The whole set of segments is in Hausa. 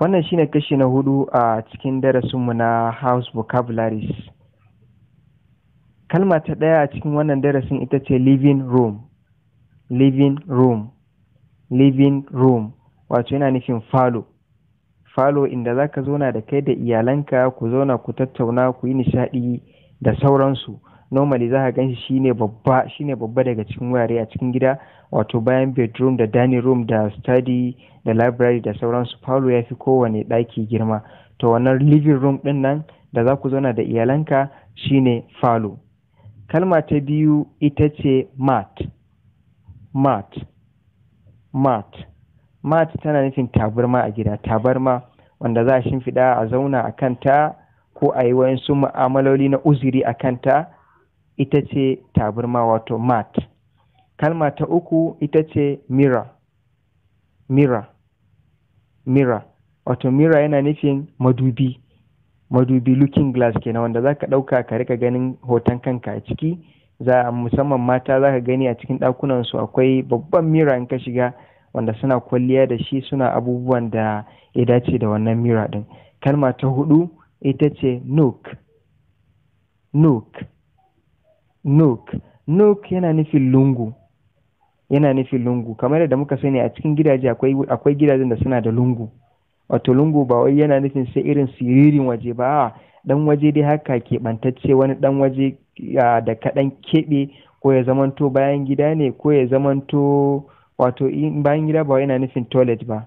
wannan shine kashi na hudu a cikin darasinmu na house vocabularies kalma ta ɗaya a cikin wannan darasin ita ce living room living room living room wato yana nufin falo falo inda za ka zauna da kai da iyalanka ku zauna ku tattauna ku yi nishaɗi da sauransu normally za ka ganshi shine babba shine babba daga cikin wurare a cikin gida wato bayan bedroom da dining room da study da library da sauransu falo ya fi kowane ɗaki girma to wannan living room ɗin nan da za ku zauna da iyalanka shine falo kalma ta biyu ita ce mat mat mat mat tana nufin tabarma a gida tabarma wanda za a shimfiɗa a zauna a kanta ko a yi wayansu mu'amaloli na uziri a kanta ita ce tabarma wato mat kalma ta uku ita ce mira mira mira wato mira yana nufin madubi madubi looking glass kenan wanda ka ɗauka ka rika ganin hoton kanka a ciki za a musamman mata zaka gani a cikin ɗakunansu akwai babban mira in ka shiga wanda suna kwalliya da shi suna abubuwan da ya dace da wannan mira din kalma ta hudu ita ce nook nook nook yana nufin lungu yana nufin lungu kamar yadda muka sani a cikin gidaje akwai akwai gidajen da suna da lungu wato lungu ba wai yana nufin sai irin siririn waje ba dan waje dai haka keɓantacce wani dan waje da kaɗan keɓe ko ya zamanto bayan gida ne ko ya zamanto wato bayan gida ba yana nufin toilet ba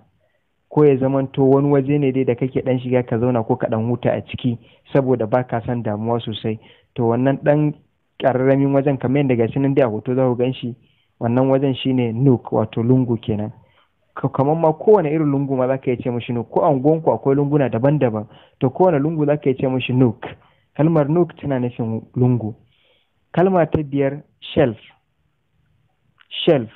ko ya zamanto wani waje ne dai da kake dan shiga ka zauna ko ka dan huta a ciki saboda ba ka son damuwa sosai to wannan dan ƙararramin wajen kamar yadda gashi nan dai a hoto za ku gan shi wannan wajen shine nuk wato lungu kenan kamar ma kowane irin lungu ma ka iya ce mishi nuk ko a unguwanku akwai lunguna daban-daban to kowane lungu ka iya ce mishi nuk kalmar nuk tana nufin lungu kalma ta biyar shelf shelf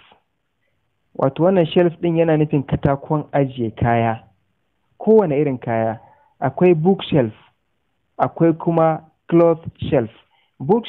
wato wannan shelf ɗin yana nufin katakon ajiye kaya kowane irin kaya akwai shelf akwai kuma cloth shelf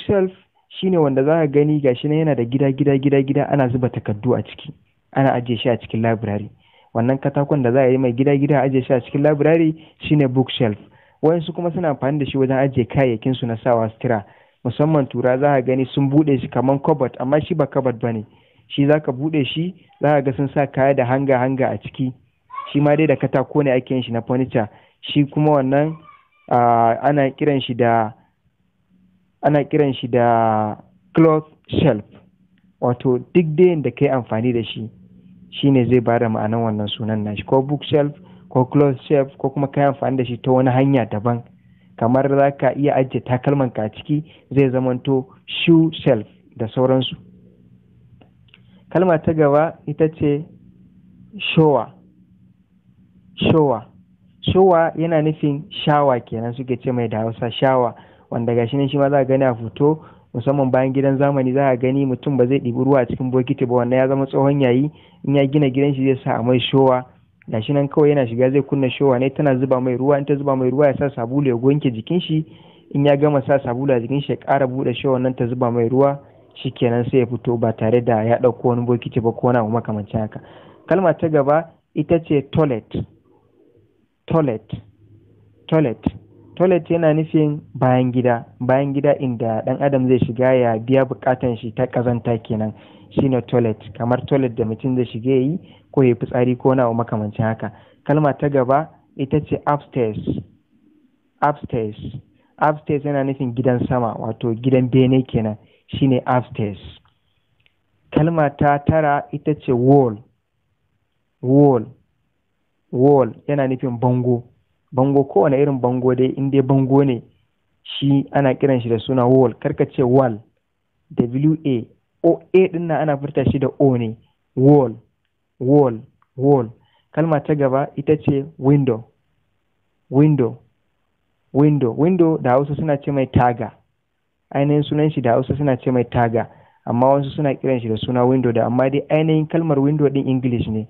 shelf. Shi ne wanda za ka gani gashi nan yana da gida gida gida gida ana zuba takardu a ciki ana ajiye shi a cikin labirari wannan katakon da za a yi mai gida gida ajiye shi a cikin labirari shine bookshelf wayansu kuma suna amfani da shi wajen ajiye kayayyakin su na sawa sutura musamman tura za ka gani sun bude shi kaman cupboard amma shi ba cupboard bane shi za ka bude shi za ka ga sun sa kaya da hanga hanga a ciki shi ma dai da katako ne ake yin shi na furniture shi kuma wannan ah, ana kiran shi da ana kiran shi da cloth shelf wato duk dayin da kai amfani da shi shine zai ba da ma'anan wannan sunan nashi ko book shelf, ko cloth shelf ko kuma kai amfani da shi ta wani hanya daban kamar za ka iya ajiye takalman ka ciki zai zamanto shoe shelf da sauransu kalma ta gaba ita ce showa showa showa yana nufin shawa kenan suke ce mai da hausa shawa wanda shi ne shi ma za a gani a fito musamman bayan gidan zamani za a gani mutum ba zai ɗibi ruwa a cikin bokiti ba wannan ya zama tsohon yayi in ya gina gidan shi zai sa a mai showa shi nan kawai yana shiga zai kunna showa ne tana zuba mai ruwa in ta zuba mai ruwa ya sa sabulu ya wanke jikin shi in ya gama sa sabulu a jikin shi ya ƙara buɗe showa nan ta zuba mai ruwa shikenan sai ya fito ba tare da ya ɗauko wani bokiti ba ko na abu makamancin haka kalma ta gaba ita ce toilet toilet toilet toilet yana nufin bayan gida bayan gida inda dan adam zai shiga ya biya bukatan shi ta ƙazanta kenan shine toilet kamar toilet da mutum zai shiga yi ko ya fitsari ko na makamancin haka kalma ta gaba ita ce upstairs upstairs upstairs yana nufin gidan sama wato gidan bene kenan shine upstairs kalma ta tara ita ce wall wall wall yana nufin bango bango kowane irin bango dai in dai bango ne shi ana kiran shi da suna wall karka ce wall w a o a din nan ana furta shi da o ne wall wall wall kalma ta gaba ita ce window window window window da hausa suna ce mai taga ainihin sunan shi da hausa suna ce mai taga amma wasu suna kiran shi da suna window da amma dai ainihin kalmar window din english ne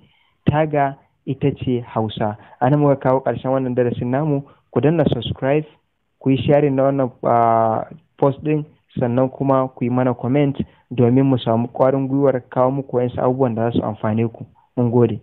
taga ita ce hausa a nan muka kawo ƙarshen wannan darasin namu ku danna subscribe ku yi sharing na wannan ah, post ɗin sannan kuma ku yi mana comment domin mu samu ƙwarin gwiwar kawo muku wayansu abubuwan da za su amfane ku mun gode